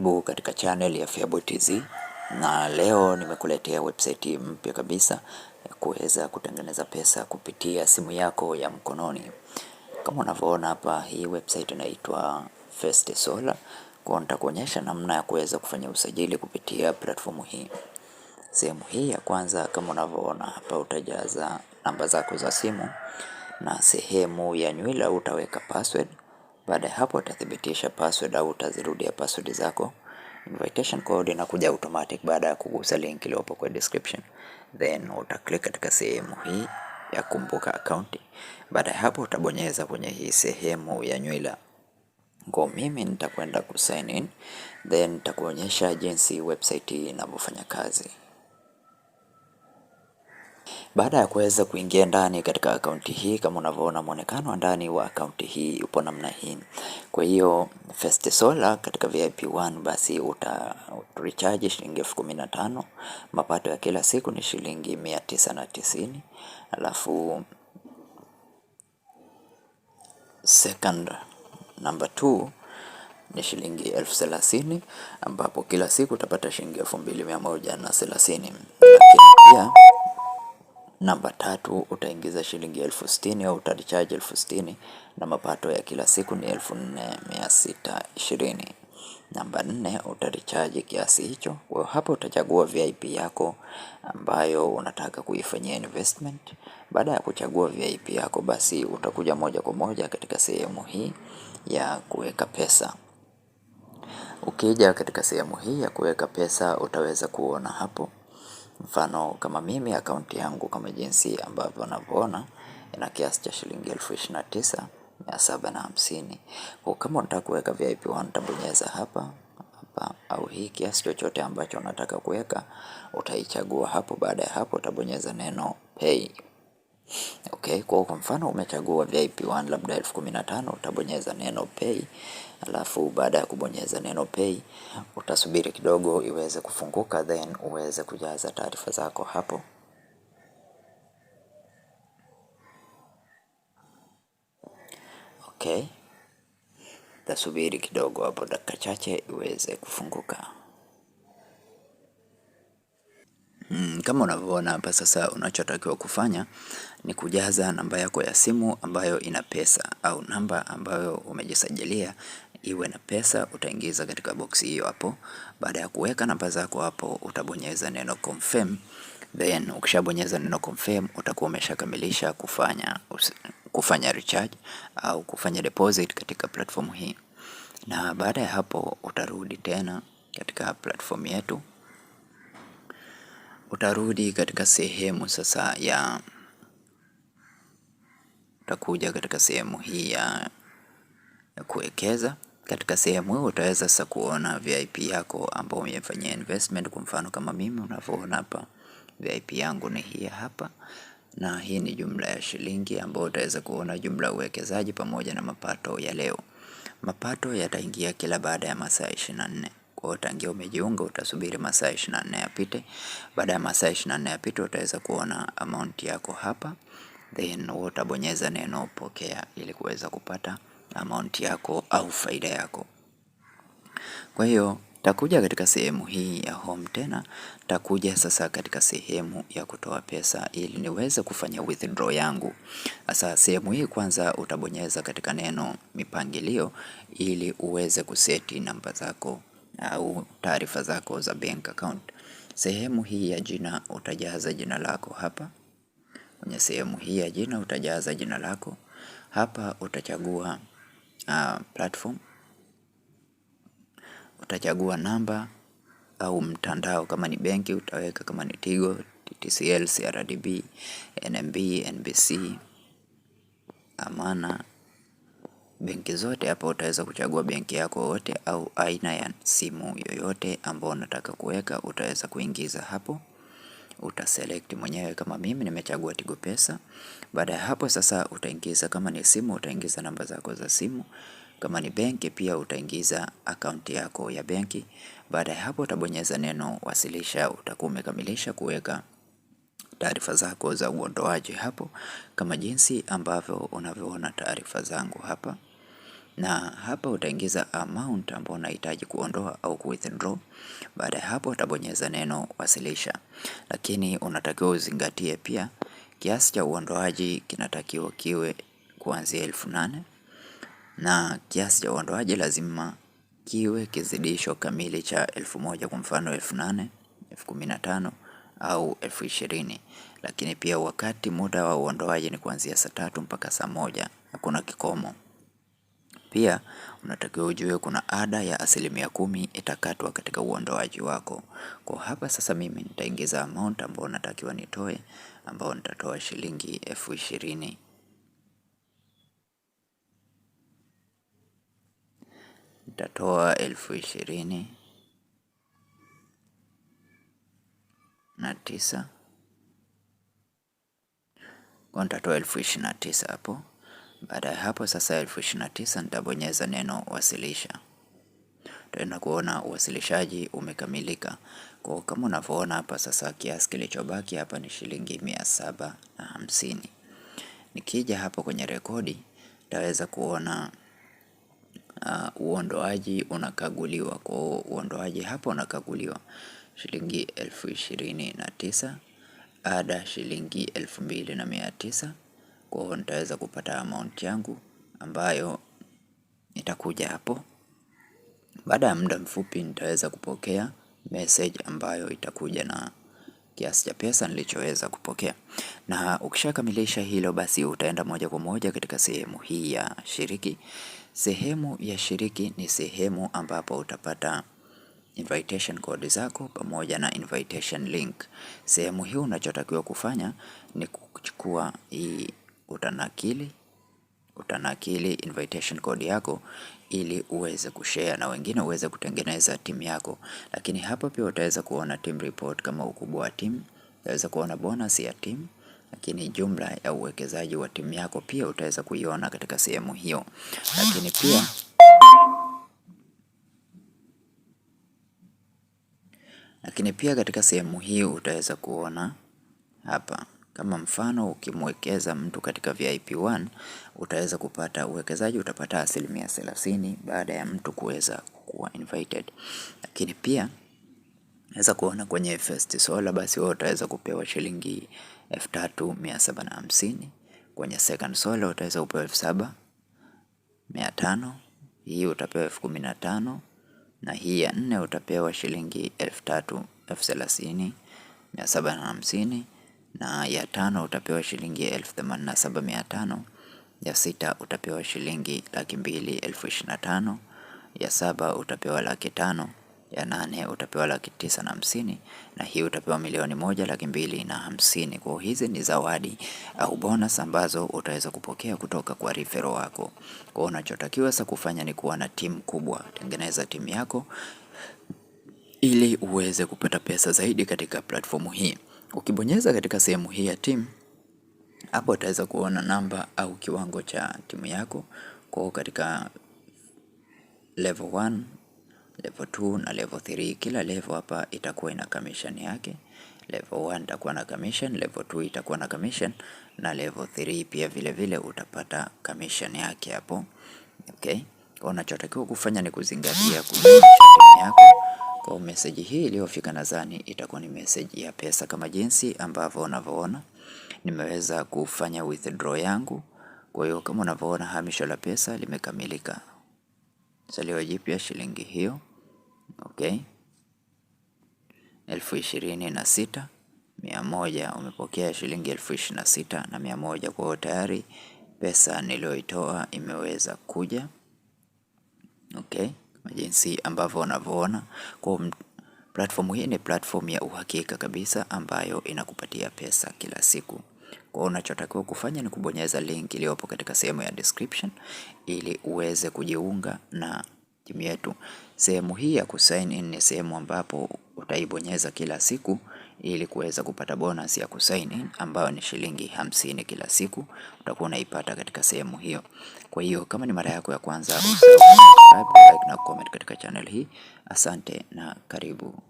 Karibu katika channel ya Feaboy Tz, na leo nimekuletea website mpya kabisa ya kuweza kutengeneza pesa kupitia simu yako ya mkononi. Kama unavyoona hapa, hii website inaitwa First Solar. Kwa nitakuonyesha namna ya kuweza kufanya usajili kupitia platform hii. Sehemu hii ya kwanza, kama unavyoona hapa, utajaza namba zako za simu na sehemu ya nywila utaweka password baada ya hapo utathibitisha password au utazirudia password zako. Invitation code inakuja automatic baada ya kugusa link iliyopo kwa description, then utaklik katika sehemu hii ya kumbuka akaunti. Baada ya hapo utabonyeza kwenye hii sehemu ya nywila. Kwa mimi nitakwenda ku sign in, then nitakuonyesha jinsi website hii inavyofanya kazi. Baada ya kuweza kuingia ndani katika akaunti hii, kama unavyoona mwonekano wa ndani wa akaunti hii upo namna hii. Kwa hiyo First Solar katika VIP 1 basi uta recharge shilingi elfu kumi na tano. Mapato ya kila siku ni shilingi mia tisa na tisini alafu second number 2 ni shilingi elfu thelathini ambapo kila siku utapata shilingi elfu mbili mia moja na thelathini lakini pia Namba tatu utaingiza shilingi elfu sitini au utacharge elfu sitini na mapato ya kila siku ni elfu nne mia sita ishirini. Namba nne utacharge kiasi hicho. Kwa hapo utachagua VIP yako ambayo unataka kuifanyia investment. Baada ya kuchagua VIP yako, basi utakuja moja kwa moja katika sehemu hii ya kuweka pesa. Ukija katika sehemu hii ya kuweka pesa, utaweza kuona hapo Mfano kama mimi akaunti yangu kama jinsi ambavyo unavyoona ina kiasi cha shilingi elfu ishirini na tisa mia saba na hamsini. Kwa kama unataka kuweka VIP 1 utabonyeza hapa hapa au hii kiasi chochote ambacho unataka kuweka utaichagua hapo. Baada ya hapo utabonyeza neno pay. Okay, kwa kwa mfano umechagua VIP 1 labda elfu kumi na tano utabonyeza neno pay, alafu baada ya kubonyeza neno pay utasubiri kidogo iweze kufunguka then uweze kujaza taarifa zako hapo. Okay, utasubiri kidogo hapo dakika chache iweze kufunguka. Hmm, kama unavyoona hapa sasa, unachotakiwa kufanya ni kujaza namba yako ya simu ambayo ina pesa au namba ambayo umejisajilia iwe na pesa, utaingiza katika boksi hiyo hapo. Baada ya kuweka namba zako hapo, utabonyeza neno confirm. Then ukishabonyeza neno confirm, utakuwa umeshakamilisha kufanya kufanya recharge au kufanya deposit katika platform hii, na baada ya hapo utarudi tena katika platform yetu utarudi katika sehemu sasa ya utakuja katika sehemu hii ya, ya kuwekeza. Katika sehemu hii utaweza sasa kuona VIP yako ambao umefanyia investment. Kwa mfano kama mimi unavyoona hapa, VIP yangu ni hii hapa, na hii ni jumla ya shilingi ambayo utaweza kuona jumla ya uwekezaji pamoja na mapato ya leo. Mapato yataingia kila baada ya masaa ishirini na nne. Kwa hiyo tangia umejiunga utasubiri masaa 24 yapite. Baada ya masaa 24 yapite, utaweza kuona amount yako hapa, then utabonyeza neno pokea ili kuweza kupata amount yako au faida yako. Kwa hiyo takuja katika sehemu hii ya home tena, takuja sasa katika sehemu ya kutoa pesa ili niweze kufanya withdraw yangu. Sasa sehemu hii kwanza utabonyeza katika neno mipangilio ili uweze kuseti namba zako au taarifa zako za bank account. Sehemu hii ya jina utajaza jina lako hapa. Kwenye sehemu hii ya jina utajaza jina lako hapa, utachagua uh, platform, utachagua namba au mtandao. Kama ni benki utaweka, kama ni Tigo, tcl CRDB, NMB, NBC, Amana Benki zote hapa utaweza kuchagua benki yako yote au aina ya simu yoyote ambao unataka kuweka, utaweza kuingiza hapo, utaselect mwenyewe. Kama mimi nimechagua Tigo Pesa. Baada ya hapo sasa, utaingiza kama ni simu, utaingiza namba zako za simu. Kama ni benki pia utaingiza akaunti yako ya benki. Baada ya hapo, utabonyeza neno wasilisha, utakuwa umekamilisha kuweka taarifa zako za uondoaji hapo, kama jinsi ambavyo unavyoona taarifa zangu hapa na hapa utaingiza amount ambayo unahitaji kuondoa au ku withdraw. Baada ya hapo utabonyeza neno wasilisha, lakini unatakiwa uzingatie pia kiasi cha uondoaji kinatakiwa kiwe kuanzia elfu nane na kiasi cha uondoaji lazima kiwe kizidisho kamili cha elfu moja kwa mfano elfu nane elfu kumi na tano au elfu ishirini lakini pia wakati muda wa uondoaji ni kuanzia saa tatu mpaka saa moja hakuna kikomo pia unatakiwa ujue kuna ada ya asilimia kumi itakatwa katika uondoaji wako. Kwa hapa sasa mimi nitaingiza amount ambao natakiwa nitoe ambao nitatoa shilingi elfu ishirini. Nitatoa elfu ishirini na tisa kwa nitatoa elfu ishirini na tisa hapo. Baada ya hapo sasa, 2029 nitabonyeza neno wasilisha. Tutaenda kuona uwasilishaji umekamilika. Kwa kama unavyoona hapa sasa, kiasi kilichobaki hapa ni shilingi mia saba na hamsini. Nikija hapo kwenye rekodi nitaweza kuona uh, uondoaji unakaguliwa. Kwa hiyo uondoaji hapo unakaguliwa shilingi elfu ishirini na tisa ada shilingi elfu mbili na mia tisa kwa hiyo nitaweza kupata amount yangu ambayo itakuja hapo. Baada ya muda mfupi nitaweza kupokea message ambayo itakuja na kiasi cha pesa nilichoweza kupokea. Na ukishakamilisha hilo, basi utaenda moja kwa moja katika sehemu hii ya shiriki. Sehemu ya shiriki ni sehemu ambapo utapata invitation code zako pamoja na invitation link. Sehemu hii unachotakiwa kufanya ni kuchukua hii utanakili utanakili invitation code yako ili uweze kushare na wengine uweze kutengeneza timu yako. Lakini hapa pia utaweza kuona team report kama ukubwa wa timu, utaweza kuona bonus ya timu, lakini jumla ya uwekezaji wa timu yako pia utaweza kuiona katika sehemu hiyo, lakini pia lakini pia katika sehemu hii utaweza kuona hapa kama mfano ukimwekeza mtu katika VIP1 utaweza kupata uwekezaji, utapata asilimia 30 baada ya mtu kuweza kuwa invited. Lakini pia naweza kuona kwenye First Solar, basi wewe utaweza kupewa shilingi 3750 kwenye Second Solar utaweza kupewa 7500 hii utapewa elfu kumi na tano na hii ya nne utapewa shilingi elfu tatu elfu thelathini mia saba na hamsini na ya tano utapewa shilingi elfu themanini na saba mia tano ya sita utapewa shilingi laki mbili elfu ishirini na tano ya saba utapewa laki tano ya nane utapewa laki tisa na hamsini na hii utapewa milioni moja laki mbili na hamsini. Kwa hizi ni zawadi au bonus ambazo utaweza kupokea kutoka kwa rifero wako. Kwa unachotakiwa sasa kufanya ni kuwa na timu kubwa, tengeneza timu yako ili uweze kupata pesa zaidi katika platformu hii. Ukibonyeza katika sehemu hii ya timu hapo utaweza kuona namba au kiwango cha timu yako kwa katika level 1, level 2 na level 3. Kila level hapa itakuwa ina commission yake. Level 1 itakuwa na commission, level 2 itakuwa na commission na level 3 pia vile vile utapata commission yake hapo. Okay, unachotakiwa kufanya ni kuzingatia yako kwa meseji hii iliyofika, nadhani itakuwa ni meseji ya pesa, kama jinsi ambavyo unavyoona nimeweza kufanya withdraw yangu. Kwa hiyo kama unavyoona hamisho la pesa limekamilika, salio jipya shilingi hiyo okay, elfu ishirini na sita mia moja umepokea shilingi elfu ishirini na sita na mia moja. Kwa hiyo tayari pesa niliyoitoa imeweza kuja jinsi ambavyo unavyoona. Kwa platform hii ni platform ya uhakika kabisa ambayo inakupatia pesa kila siku. Kwa unachotakiwa kufanya ni kubonyeza link iliyopo katika sehemu ya description ili uweze kujiunga na timu yetu. Sehemu hii ya kusign in ni sehemu ambapo utaibonyeza kila siku ili kuweza kupata bonus ya kusaini ambayo ni shilingi hamsini kila siku utakuwa unaipata katika sehemu hiyo. Kwa hiyo kama ni mara yako ya kwanza usahau like na comment katika channel hii. Asante na karibu.